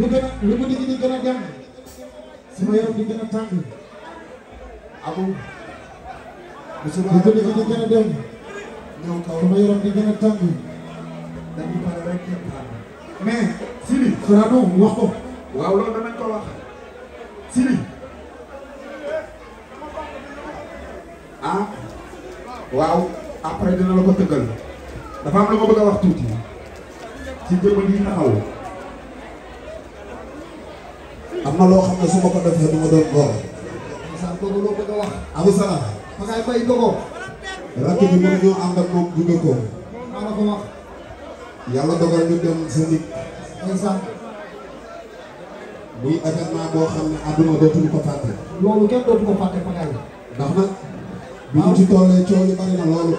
lu gën a lu mu nit ñi di gën a dem sama yaram di gën a tàng amul lu ko nit ñi di gën a dem ñëw kaw sama yaram di gën a tàng dañu pare rek mais Sidi Sorano wax ko waaw loolu danañ ko wax Sidi ah waaw après dina la ko tëggal ma loo xam ne su ko defee du ma doon góor. Amsa a wax. Amsa. Fakay Mbaye Ndogo. rakk bi mën ñoo ànd boo xam ne àdduna dootuñu ko fàtte. loolu kenn dootu ko fàtte Fakay. ndax nag. bi ñu ci toolee coow li bari na loolu.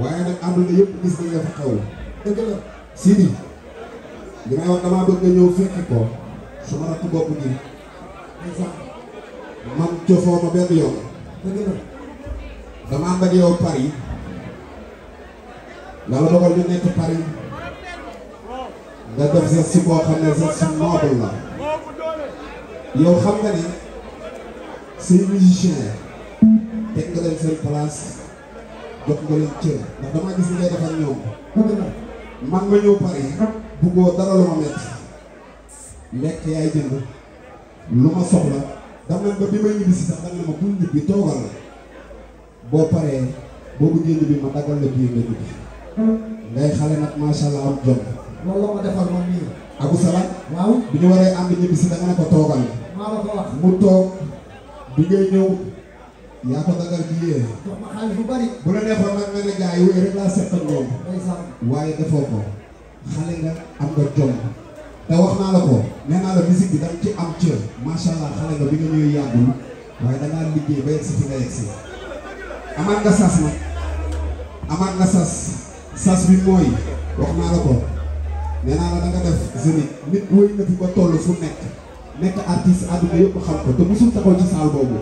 waaye nag àdduna yëpp gis nañ la fa xew. dëgg li may damaa bëgg nga ñëw fekki ko su ma rakk bopp nii man cofoo ma benn yoon dama ànd ak yow Paris yàlla nga def sa si boo xam ne sa si noble la yow xam nga ne say musicien teg nga leen seen place jox nga leen cër man ma ñëw Paris buggoo dara lu ma metti lekk yaay jënd lu ma soxla dam leen ba bi may ñibbi si sax danga ne ma bul ñibbi toogal la boo paree ma daggal la biir ngay xale nag macha allah am jom loolu la ma defal man nii bi ñu waree ànd ñibbi si danga ne ko toogal mu toog bi ngay ñëw yaa ko dagal ji yéen. bu bari. bu la neexoon nag nga ne gars yi wéy rek laa seqal loolu. waaye defoo ko. xale nga am nga jom te wax naa la ko nee naa la musique bi da ci am cër macha xale nga bi nga ñëwee yàggul waaye da liggéey ba yegg si fi nga yegg si amaat nga sas nag amaat nga sas sas bi mooy wax naa la ko nee la da def Zénith nit wëy na fi ba fu nekk nekk artiste àdduna yëpp xam ko te musul taxaw ci saal boobu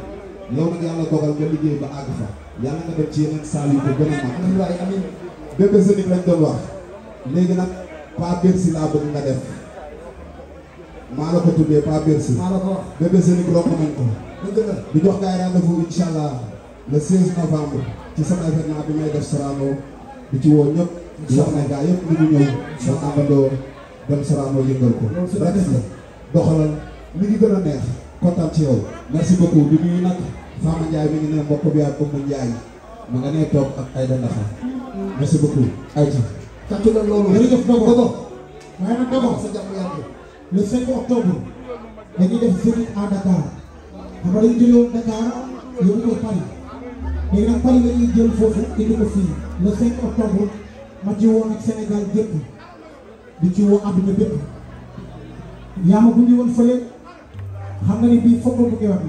yow nag yàlla dogal nga liggéey ba àgg fa yàlla nga dem ci yeneen saal yu ko gën a mag. alhamdulilah amiin bébé Zénith lañ doon wax Pa Bercy laa bëgg nga def maa la ko tuddee Pa Bercy. maa la ko si bébé Séni ko nañ ko. dëgg la di jox gars yi rendez-vous incha allah le 16 novembre ci sama événement bi may def Sorano di ci woo ñëpp. di wax ne gars yëpp ñu ñëw. incha allah àndandoo dem Sorano ko. a neex bi ak Oumou Ndiaye ma nga nee toog ak Aïda Ndaxa merci beaucoup Aïda. tàccu leen loolu. jërëjëf Dodo Dodo. waaye nag Dodo sa jàmm yàgg. le 5 octobre dañuy def zénith à Dakar xam nga dañu jëlee woon Dakar yóbbu ko Paris léegi nag Paris la ñuy jël foofu indi ko fii le 5 octobre ma ci woon di ci woo àdduna bépp yaa ma bundi woon fële xam nga ni bii foog nga bëggee wax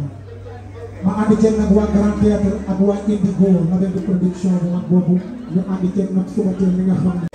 ma ànd ceeg nag waa Grand Théâtre ak waa Indigo label de production bu mag boobu ñu ànd ceeg nag suba teel mi nga xam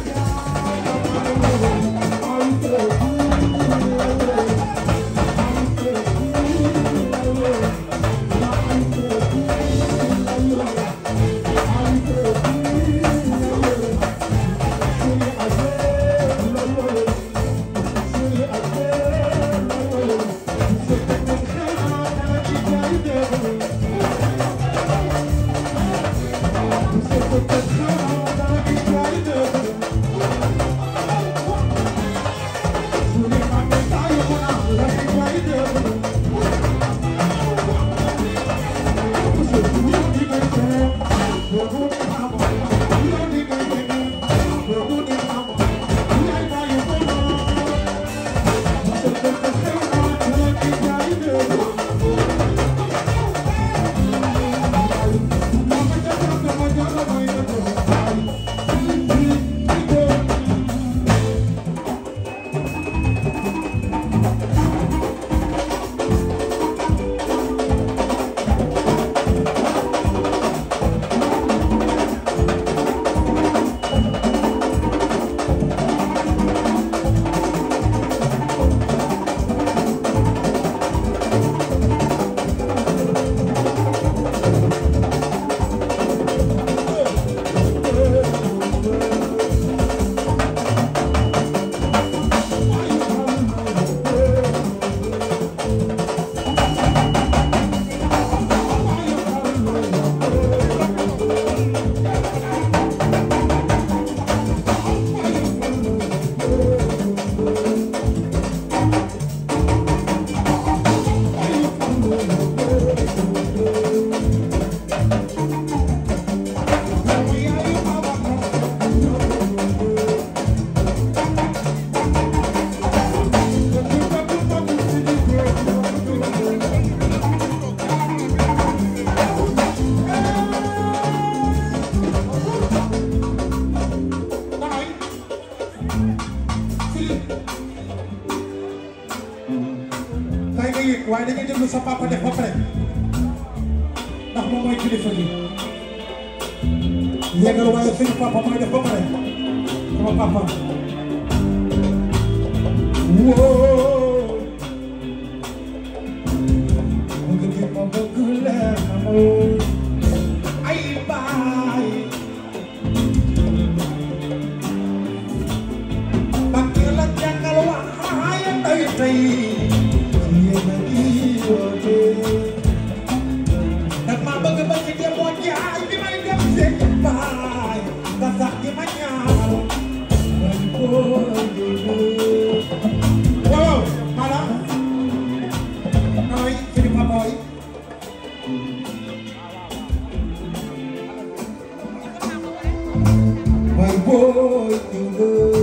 lu sa papa def ba pare ndax moom mooy kilifa gi papa mooy def ba pare sama papa woo boy, you love.